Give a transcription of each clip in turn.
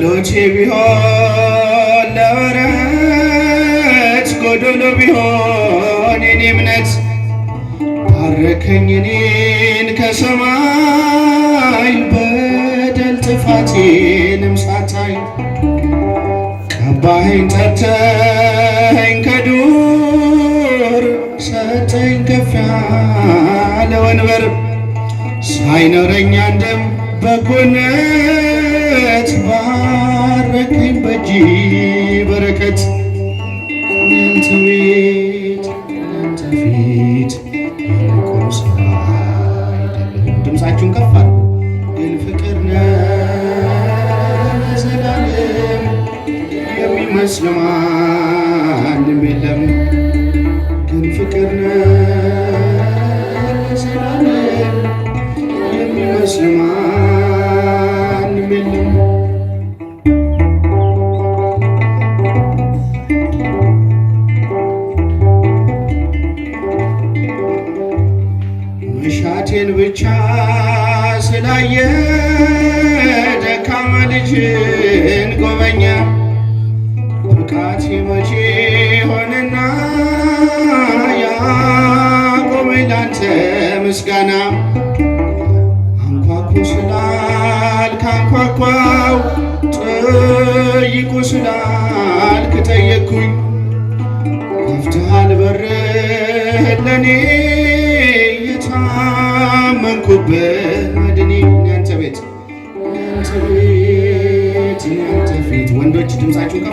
ሉቺ ቢሆን ለወረት ጎዶሎ ቢሆን የኔ እምነት ባረከኝ እኔን ከሰማይ በደል ጥፋቴንም ሳታይ ቀባኸኝ ጠርተኸኝ ከዱር ሰጠኝ ከፍ ያለ ወንበር ሳይኖረኝ አንድም በጎነት ምሕረት ባረከኝ በረከት ያንተ ቤት ያንተ ፊት አይደለም። ድምፃችሁን ከፍ አድርጉ። ግን ፍቅር ማንም የለም። ትፊት ወንዶች ድምፃችሁን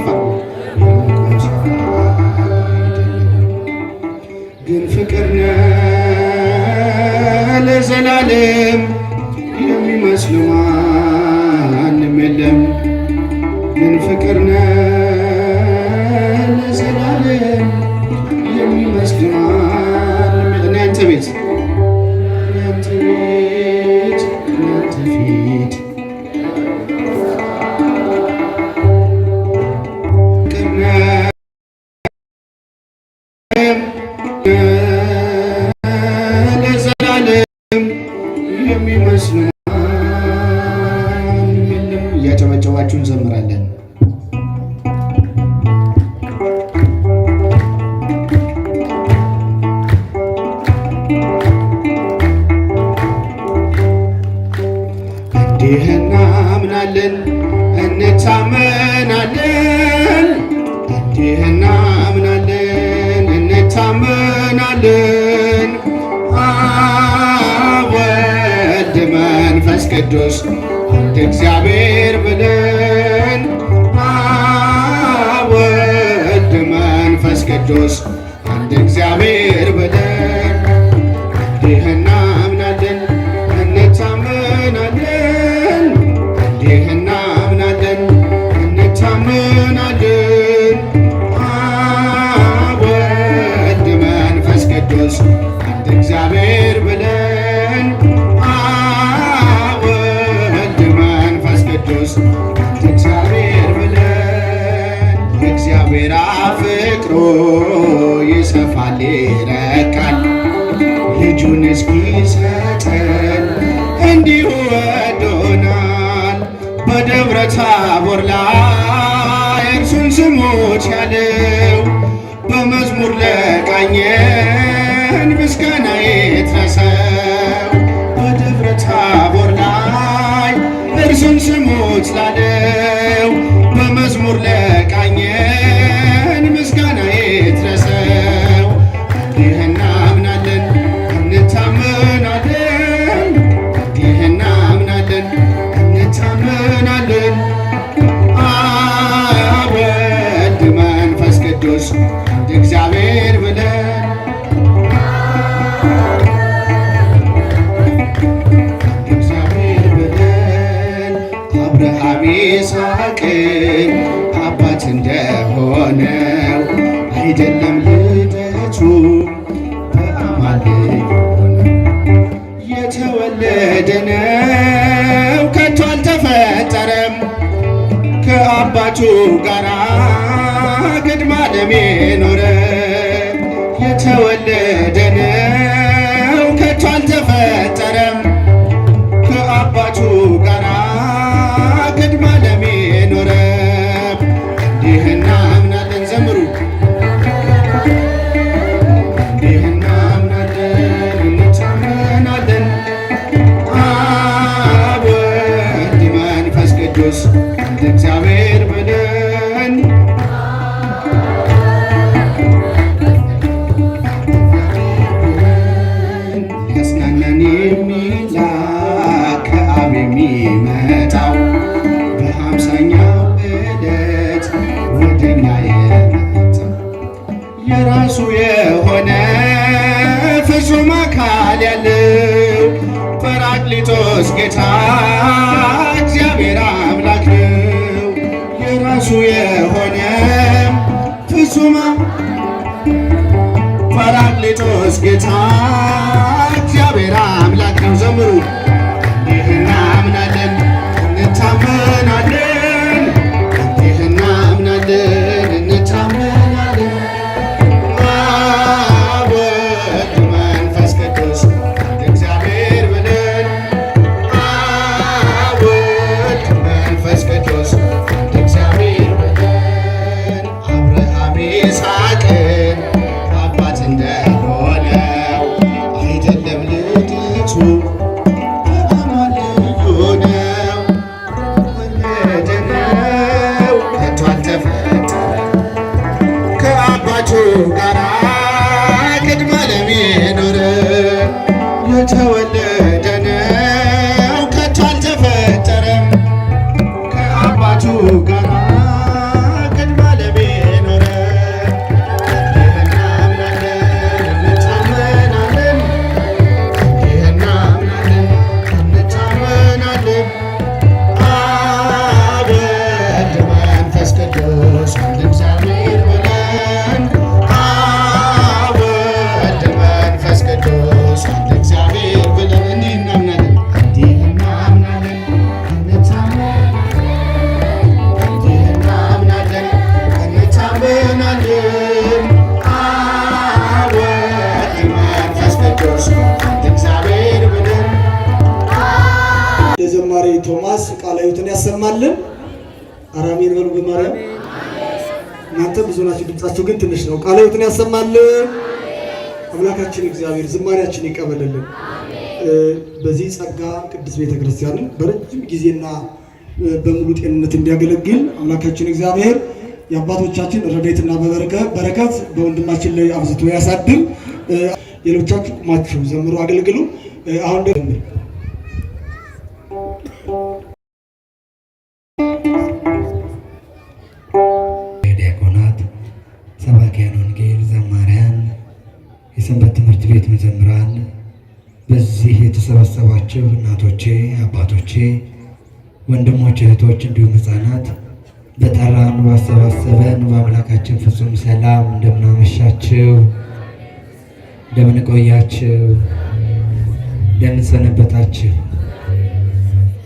ከፍ ግን ፍቅር ነህ ለዘላለም የሚመስለው ቅዱስ አንድ እግዚአብሔር ብለን አብ ወልድ መንፈስ ቅዱስ አንተ እግዚአብሔር ብለን ቅዱስ እግዚአብሔር ብለን እግዚአብሔር አፍቅሮ ይሰፋል ይረካል ልጁን እስኪሰጠን እንዲሁ ወዶናል በደብረ ታቦር ላይ እርሱን ስሙት ያለው በመዝሙር ለቃኘን ምስጋና የትረሰ It's Deutschland ist. ቅዱስ እንደ እግዚአብሔር በደን ያጽናናን የሚላክ ከአብ የሚመጣው በሃምሳኛው ዕለት ወደ እኛ የራሱ የሆነ ፍጹም አካል ያለው ጰራቅሊጦስ ጌታ ነው። ቃለ ሕይወትን ያሰማልን አምላካችን እግዚአብሔር ዝማሬያችን ይቀበልልን። በዚህ ጸጋ ቅዱስ ቤተክርስቲያንን በረጅም ጊዜና በሙሉ ጤንነት እንዲያገለግል አምላካችን እግዚአብሔር የአባቶቻችን ረድኤትና በረከት በወንድማችን ላይ አብዝቶ ያሳድግ። ሌሎቻችሁ ቁማችሁ ዘምሩ፣ አገልግሉ። አሁን ደግሞ የተሰበሰባችሁ እናቶቼ፣ አባቶቼ፣ ወንድሞች፣ እህቶች እንዲሁም ሕፃናት በጠራን ባሰባሰበን በአምላካችን ፍጹም ሰላም እንደምናመሻችው እንደምንቆያችው እንደምንሰነበታችሁ።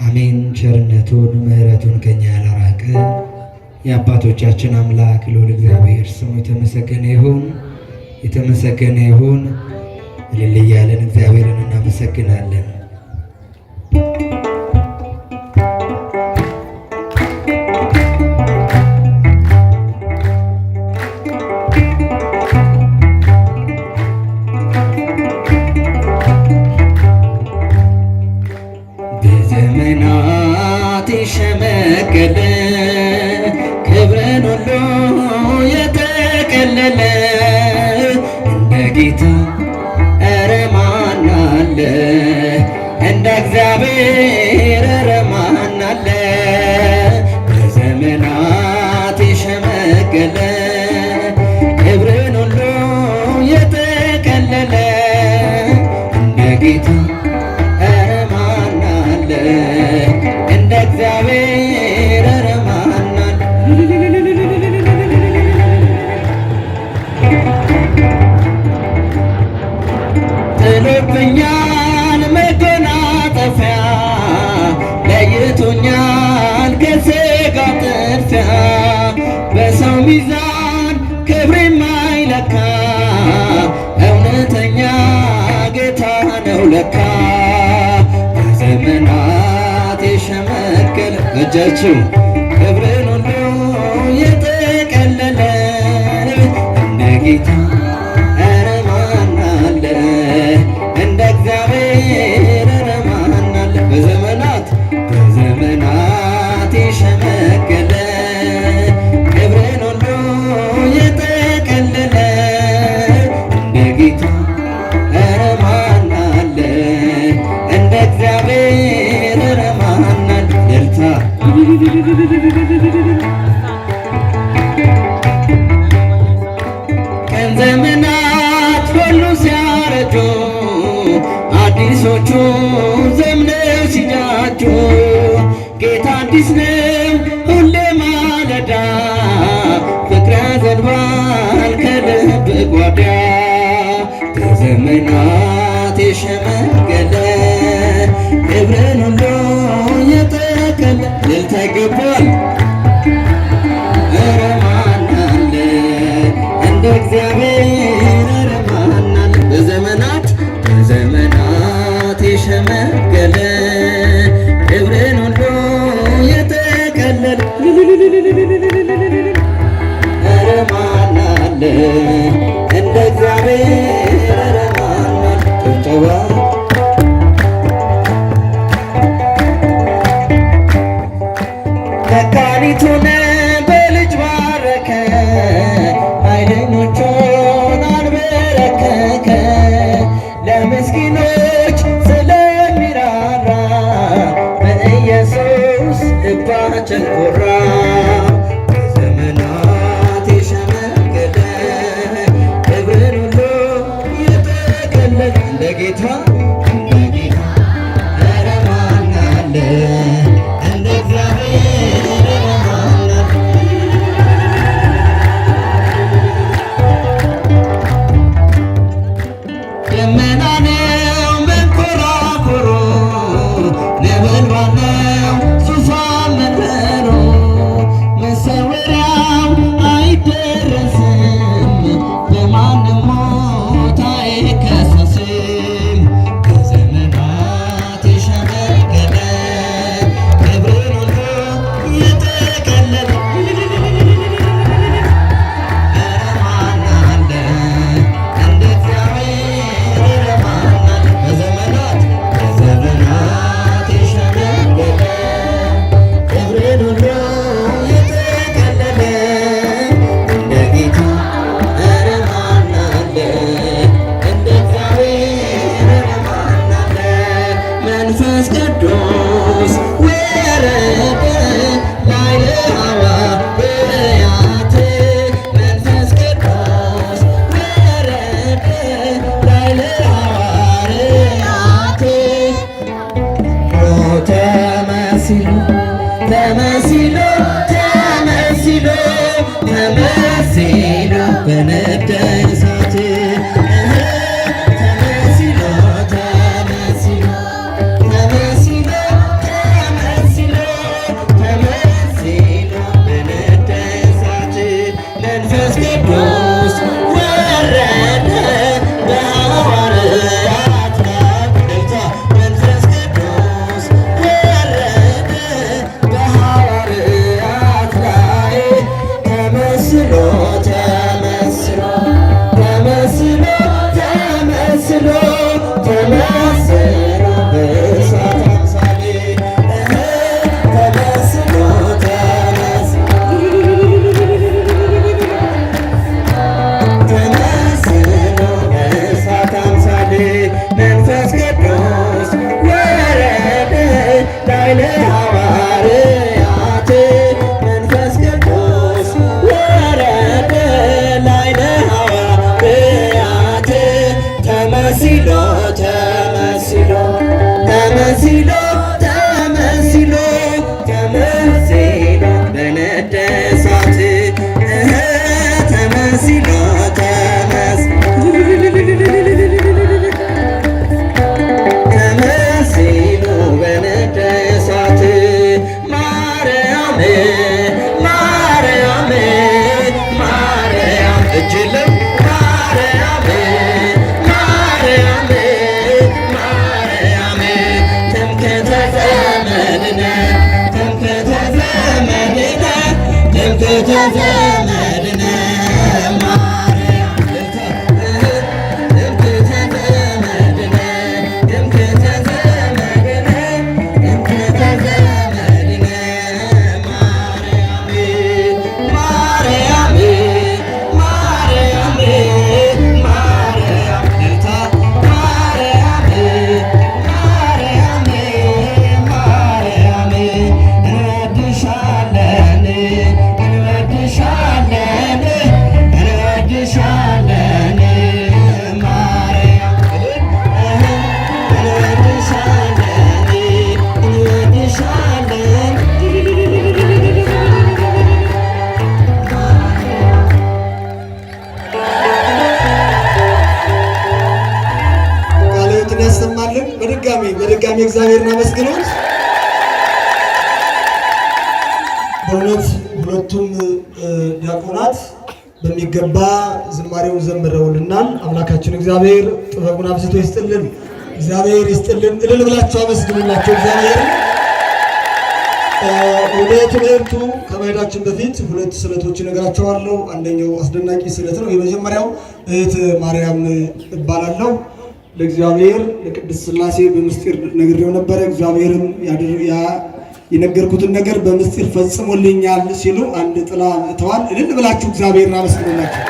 አሜን። ቸርነቱን ምሕረቱን ከኛ ያላራቀ የአባቶቻችን አምላክ ልዑል እግዚአብሔር ስሙ የተመሰገነ ይሁን፣ የተመሰገነ ይሁን። እልል እያለን እግዚአብሔርን እናመሰግናለን። ይርቅብኛል መገናጠፊያ ለይቶኛል ከሥጋ ጥርፊያ በሰው ሚዛን ክብሬ ማይለካ እውነተኛ ጌታ ነው ለካ በዘመናት የሸመገለ እጃችሁ ጋር ቀን ዘመናት ሁሉ ሲያረጁ አዲሶቹ ዘምነው ሲጃጁ ጌታ አዲስ ነው ሁሌ ማለዳ ፍቅረ ዘንባል ከልብ ጓዳ ከዘመና You. Yeah, yeah. እግዚአብሔርን አመስግኑት። በእውነት ሁለቱም ዲያቆናት በሚገባ ዝማሬውን ዘምረውልናል። አምላካችን እግዚአብሔር ጥበቡን አብዝቶ ይስጥልን። እግዚአብሔር ይስጥልን። እልል ብላችሁ አመስግኑላቸው እግዚአብሔር። ወደ ትምህርቱ ከመሄዳችን በፊት ሁለት ስዕለቶች እነግራቸዋለሁ። አንደኛው አስደናቂ ስዕለት ነው። የመጀመሪያው እህት ማርያም እባላለሁ። ለእግዚአብሔር ለቅድስት ስላሴ በምስጢር ነግሬው ነበረ። እግዚአብሔርም የነገርኩትን ነገር በምስጢር ፈጽሞልኛል ሲሉ አንድ ጥላ እተዋል። እልል ብላችሁ እግዚአብሔርን አመስግኑላችሁ።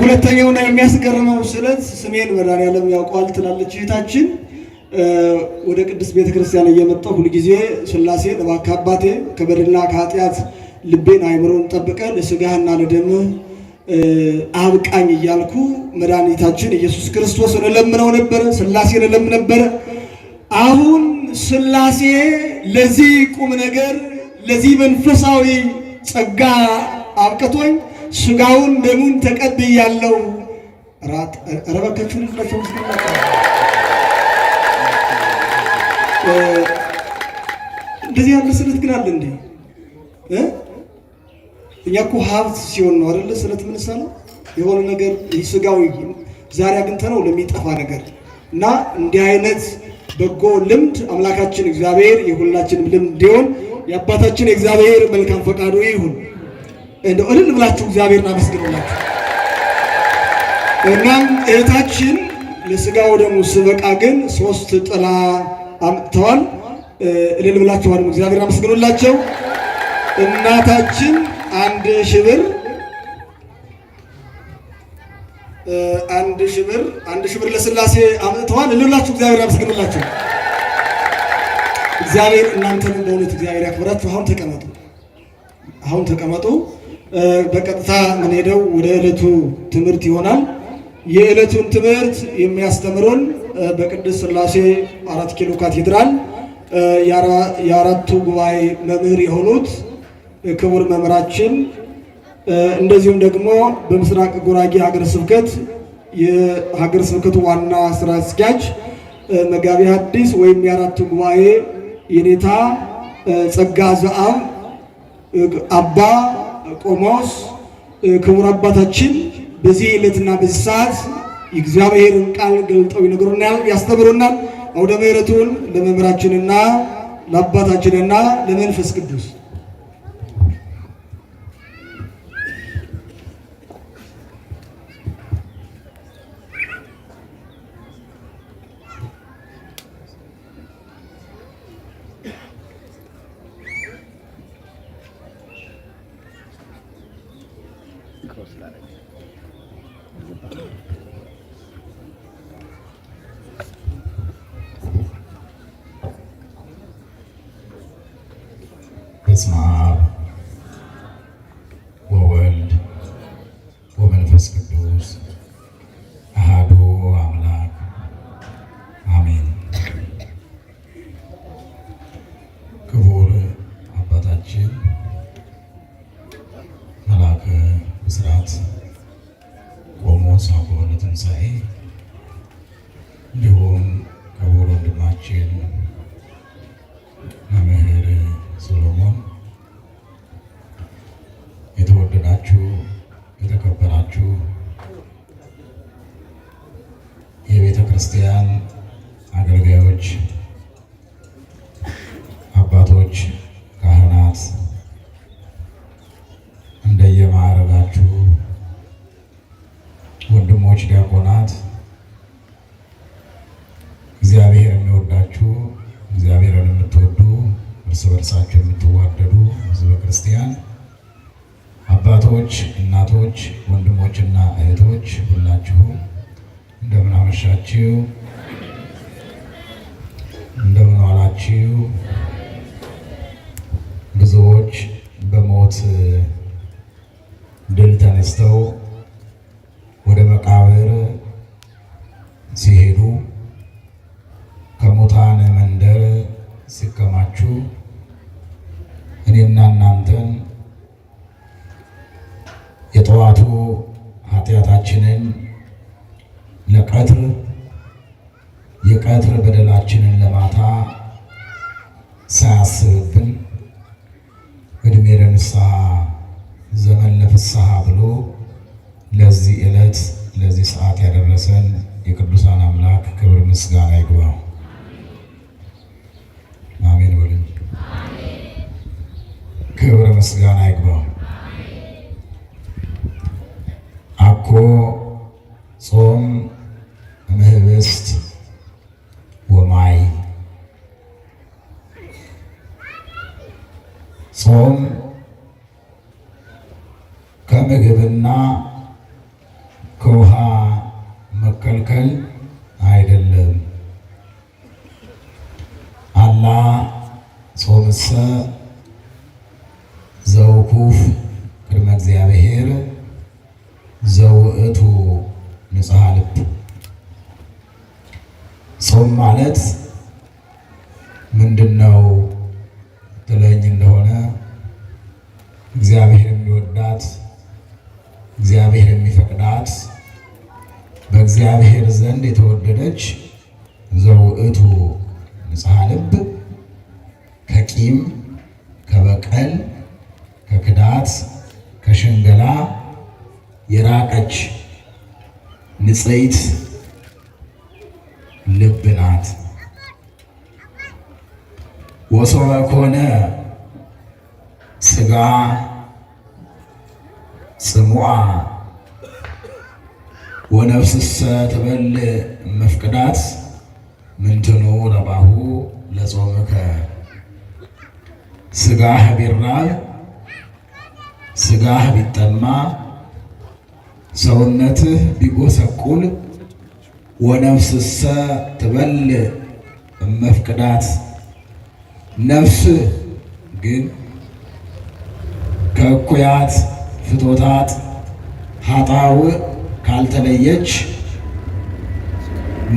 ሁለተኛውና የሚያስገርመው ስዕለት ስሜን መድኃኒዓለም ያውቀዋል ትላለች እህታችን። ወደ ቅድስት ቤተክርስቲያን እየመጣሁ ሁልጊዜ ስላሴ እባክህ አባቴ ከበደልና ከኃጢአት ልቤን አይምሮን ጠብቀ ለስጋህና ለደምህ አብቃኝ እያልኩ መድኃኒታችን ኢየሱስ ክርስቶስን እለምነው ነበረ፣ ሥላሴን እለም ነበረ። አሁን ስላሴ ለዚህ ቁም ነገር ለዚህ መንፈሳዊ ጸጋ አብቅቶኝ ስጋውን ደሙን ተቀብያለሁ። ረበከችሁን ናቸው እንደዚህ ያለ ስለት ግን አለ እንዴ? እኛ እኮ ሀብት ሲሆን ነው አይደለ? ስለት ምንሳለው የሆነ ነገር ስጋዊ ዛሬ አግኝተነው ለሚጠፋ ነገር እና እንዲህ አይነት በጎ ልምድ አምላካችን እግዚአብሔር የሁላችንም ልምድ እንዲሆን የአባታችን የእግዚአብሔር መልካም ፈቃዱ ይሁን። እንደ እልል ብላችሁ እግዚአብሔርን አመስግኑላችሁ። እናም እህታችን ለስጋው ደሙ ስበቃ ግን ሶስት ጥላ አምጥተዋል። እልል ብላችሁ እግዚአብሔርን አመስግኑላቸው እናታችን አንድ ሺህ ብር አንድ ሺህ ብር አንድ ሺህ ብር ለስላሴ አምጥተዋል። እልላችሁ እግዚአብሔር ያመስግንላችሁ። እግዚአብሔር እናንተን በእውነት እግዚአብሔር ያክብራችሁ። አሁን ተቀመጡ፣ አሁን ተቀመጡ። በቀጥታ የምንሄደው ወደ ዕለቱ ትምህርት ይሆናል። የዕለቱን ትምህርት የሚያስተምሩን በቅድስት ስላሴ አራት ኪሎ ካቴድራል የአራቱ ጉባኤ መምህር የሆኑት ክቡር መምህራችን እንደዚሁም ደግሞ በምስራቅ ጉራጌ ሀገረ ስብከት የሀገረ ስብከቱ ዋና ስራ አስኪያጅ መጋቢ ሐዲስ ወይም የአራቱ ጉባኤ የኔታ ጸጋ ዘአብ አባ ቆሞስ ክቡር አባታችን በዚህ ዕለትና በዚህ ሰዓት የእግዚአብሔርን ቃል ገልጠው ይነግሩናል፣ ያስተምሩናል። አውደ ምሕረቱን ለመምህራችንና ለአባታችንና ለመንፈስ ቅዱስ It's ክርስቲያን አገልጋዮች፣ አባቶች፣ ካህናት እንደየማዕረጋችሁ ወንድሞች፣ ዲያቆናት እግዚአብሔር የሚወዳችሁ እግዚአብሔርን የምትወዱ እርስ በርሳችሁ የምትዋደዱ ሕዝበ ክርስቲያን አባቶች፣ እናቶች፣ ወንድሞችና እህቶች ሁላችሁም እንደምን አመሻችሁ፣ እንደምን ዋላችሁ። ብዙዎች በሞት ድል ተነስተው ወደ መቃብር ሲሄዱ ከሙታን መንደር ሲከማችሁ እኔና እናንተን የጠዋቱ ኃጢአታችንን ለቀትር የቀትር በደላችንን ለማታ ሳያስብብን እድሜ ለንስሐ ዘመን ለፍስሐ ብሎ ለዚህ ዕለት ለዚህ ሰዓት ያደረሰን የቅዱሳን አምላክ ክብር ምስጋና ይግባው። አሜን በሉ። ክብር ምስጋና ይግባው። አኮ ጾም ንጽሐ ልብ ጾም ማለት ምንድን ነው ትለኝ እንደሆነ እግዚአብሔር የሚወዳት እግዚአብሔር የሚፈቅዳት በእግዚአብሔር ዘንድ የተወደደች ዘውእቱ ንጽሐ ልብ ከቂም፣ ከበቀል፣ ከክዳት ንጽሕት ልብ ናት። ወሶበ ኮነ ስጋ ጽሙዓ ወነፍስሰ ትበል መፍቅዳት ምንትኑ ረባሁ ለጾምከ ሥጋህ ቢራብ ሥጋህ ቢጠማ ሰውነትህ ቢጎሰቁል ወነፍስሰ ትበል እመፍቅዳት ነፍስህ ግን ከእኩያት ፍቶታት ሀጣው ካልተለየች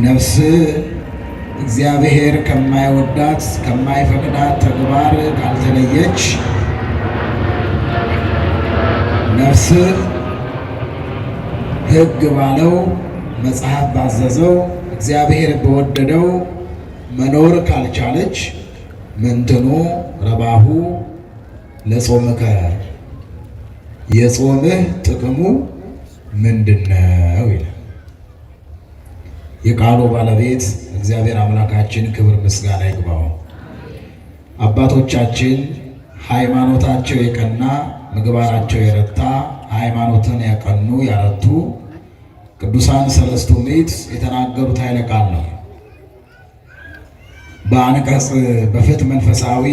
ነፍስህ እግዚአብሔር ከማይወዳት ከማይፈቅዳት ተግባር ካልተለየች ነፍስህ ሕግ ባለው መጽሐፍ ባዘዘው እግዚአብሔር በወደደው መኖር ካልቻለች ምንትኑ ረባሁ ለጾምከ የጾምህ ጥቅሙ ምንድነው ነው ይላል። የቃሉ ባለቤት እግዚአብሔር አምላካችን ክብር ምስጋና ይግባው። አባቶቻችን ሃይማኖታቸው የቀና ምግባራቸው የረታ ሃይማኖትን ያቀኑ ያረቱ ቅዱሳን ሰለስቱ ምዕት የተናገሩት ኃይለ ቃል ነው። በአንቀጽ በፍት መንፈሳዊ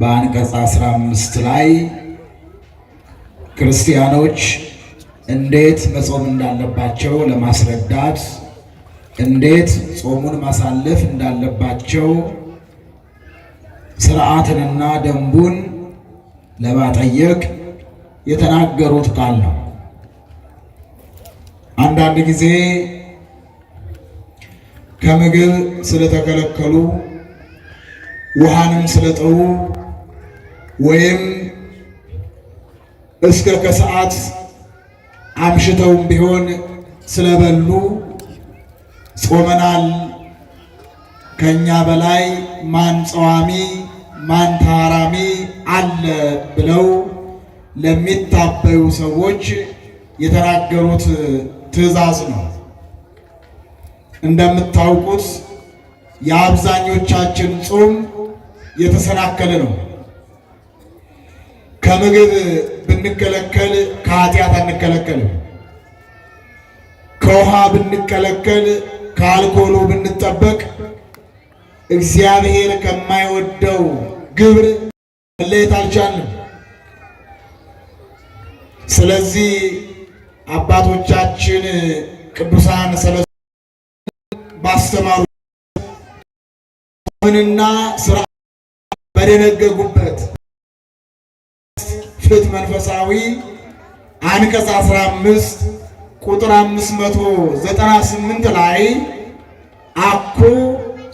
በአንቀጽ 15 ላይ ክርስቲያኖች እንዴት መጾም እንዳለባቸው ለማስረዳት እንዴት ጾሙን ማሳለፍ እንዳለባቸው ስርዓትንና ደንቡን ለማጠየቅ የተናገሩት ቃል ነው። አንዳንድ ጊዜ ከምግብ ስለተከለከሉ ውሃንም ስለጠው ወይም እስከ ከሰዓት አምሽተውም ቢሆን ስለበሉ ጾመናል፣ ከእኛ በላይ ማን ጸዋሚ ማንታራሚ አለ ብለው ለሚታበዩ ሰዎች የተናገሩት ትዕዛዝ ነው። እንደምታውቁት የአብዛኞቻችን ጾም የተሰናከለ ነው። ከምግብ ብንከለከል ከኃጢአት አንከለከልም። ከውሃ ብንከለከል ከአልኮሉ ብንጠበቅ እግዚአብሔር ከማይወደው ግብር መለየት አልቻልንም። ስለዚህ አባቶቻችን ቅዱሳን ስለ ባስተማሩ ምንና ስራ በደነገጉበት ፍት መንፈሳዊ አንቀጽ 15 ቁጥር 598 ላይ አኩ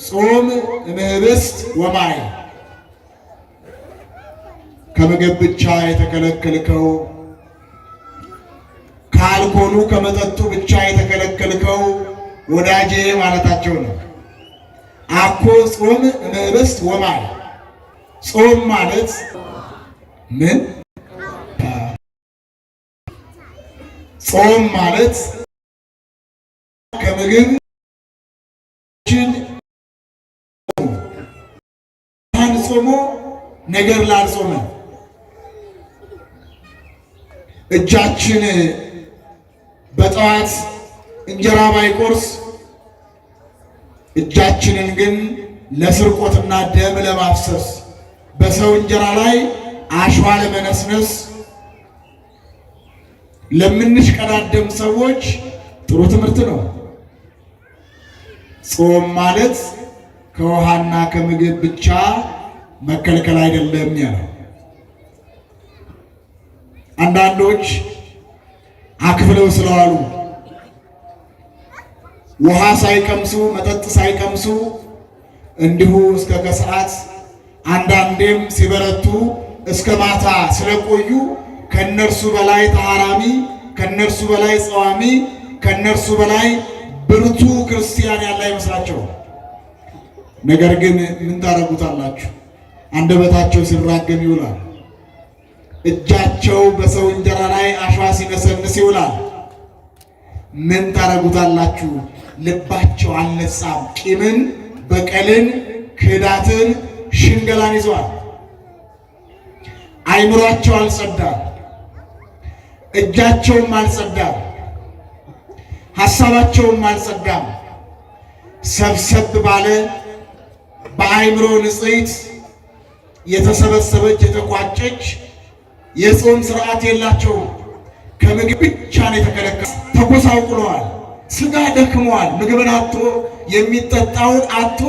ጾም እምህብስት ወማይ ከምግብ ብቻ የተከለከልከው ከአልኮሉ ከመጠጡ ብቻ የተከለከልከው ወዳጄ ማለታቸው ነው። አኮ ጾም እምዕብስት ወማይ ጾም ማለት ምን? ጾም ማለት ከምግብ ጾሞ ነገር ላልጾመ እጃችን በጠዋት እንጀራ ባይቆርስ እጃችንን ግን ለስርቆትና ደም ለማፍሰስ በሰው እንጀራ ላይ አሸዋ ለመነስነስ ለምንሽቀዳደም ሰዎች ጥሩ ትምህርት ነው። ጾም ማለት ከውሃና ከምግብ ብቻ መከልከል አይደለም ያለው አንዳንዶች አክፍለው ስለዋሉ ውሃ ሳይቀምሱ መጠጥ ሳይቀምሱ እንዲሁ እስከ ከሰዓት አንዳንዴም ሲበረቱ እስከ ማታ ስለቆዩ ከነርሱ በላይ ተሃራሚ ከነርሱ በላይ ጸዋሚ፣ ከነርሱ በላይ ብርቱ ክርስቲያን ያለ አይመስላቸውም። ነገር ግን ምን ታረጉታላችሁ? አንደበታቸው ሲራገም ይውላል። እጃቸው በሰው እንጀራ ላይ አሸዋ ሲነሰንስ ይውላል። ምን ታረጉታላችሁ? ልባቸው አልነጻም። ቂምን፣ በቀልን፣ ክህዳትን፣ ሽንገላን ይዘዋል። አይምሯቸው አልጸዳም፣ እጃቸውም አልጸዳም፣ ሐሳባቸውም አልጸዳም። ሰብሰብ ባለ በአይምሮ ንጽሕት የተሰበሰበች የተቋጨች የጾም ስርዓት የላቸውም። ከምግብ ብቻ ነው የተከለከለ። ተጎሳቁለዋል። ስጋ ደክመዋል። ምግብን አቶ የሚጠጣውን አቶ